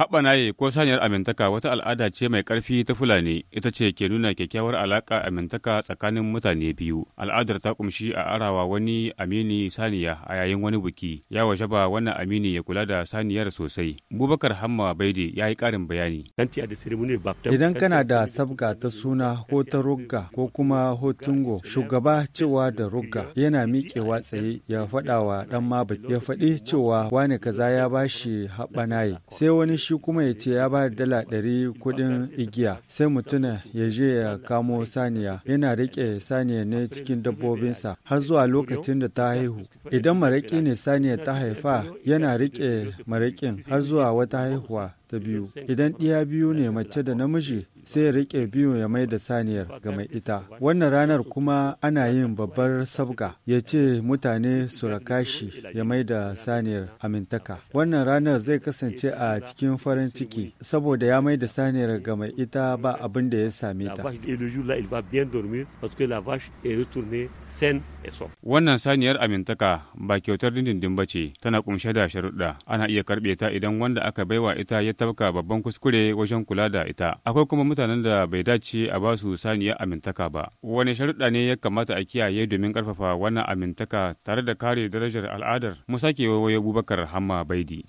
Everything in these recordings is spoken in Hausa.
Haɓanaye ko saniyar amintaka wata al'ada ce mai ƙarfi ta Fulani ita ce ke nuna kyakkyawar alaƙa amintaka tsakanin mutane biyu. Al'adar ta kumshi a arawa wani amini saniya a yayin wani buki. Ya waje ba wannan amini ya kula da saniyar sosai. Bubakar Hamma baidi ya yi ƙarin bayani. Idan kana da sabga ta suna ko ta rugga ko kuma hotungo shugaba cewa da rugga yana miƙewa tsaye ya faɗa wa ɗan mabuk ya faɗi cewa wani kaza ya bashi haɓanaye sai wani shi kuma ya ce ya ba da dala ɗari kuɗin igiya sai mutuna ya je ya kamo saniya yana riƙe saniya ne cikin dabbobinsa har zuwa lokacin da ta haihu idan maraƙi ne saniya ta haifa yana riƙe maraƙin har zuwa wata haihuwa ta biyu idan ɗiya biyu ne mace da namiji sai ya rike biyu ya mai da saniyar ga mai ita wannan ranar kuma ana yin babbar sabga ya ce mutane su raka ya mai da saniyar amintaka wannan ranar zai kasance a cikin farin ciki saboda ya mai da saniyar ga mai ita ba abin da ya same ta wannan saniyar amintaka ba kyautar dindindin ba ce tana kumshe da sharuɗa ana iya karɓe ta idan wanda aka baiwa ita ya tabka babban kuskure wajen kula da ita akwai kuma mutane mutanen da bai dace a ba su saniyar amintaka ba wani sharuɗa ne ya kamata a kiyaye domin karfafa wannan amintaka tare da kare darajar al'adar mu sake wayo abubakar hamma baidi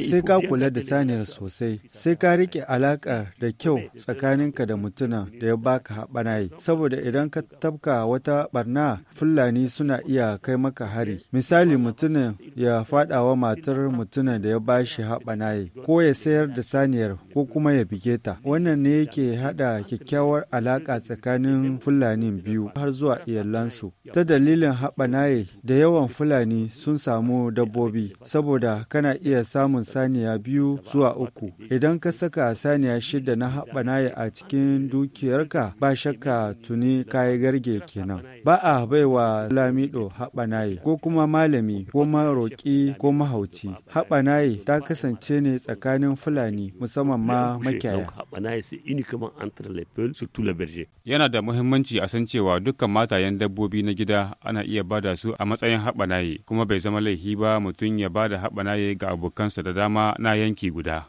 sai ka kula da saniyar sosai sai ka rike alaƙa da kyau tsakaninka da mutumin da ya baka haɓanayi saboda idan ka tabka wata barna fulani suna iya kai maka hari misali mutumin ya faɗawa matar mutumin da ya ba bashi haɓanaye ko ya sayar da saniyar ko kuma ya bige ta wannan ne yake haɗa kyakkyawar alaƙa tsakanin fulani biyu har zuwa iyalansu ta dalilin haɓanaye da yawan fulani sun samu dabbobi saboda kana iya samun saniya biyu zuwa uku idan ka saka saniya shida na haɓanaye a cikin dukiyarka ba shakka tuni kayi garge kenan ba a baiwa lamido haɓanaye ko kuma malami ko maro maroƙi ko mahauci haɓanaye ta kasance ne tsakanin fulani musamman ma makiyaya yana da muhimmanci a san cewa dukkan matayen dabbobi na gida ana iya bada su a matsayin haɓanaye kuma bai zama laifi ba mutum ya bada haɓanaye ga abokansa da dama na yanki guda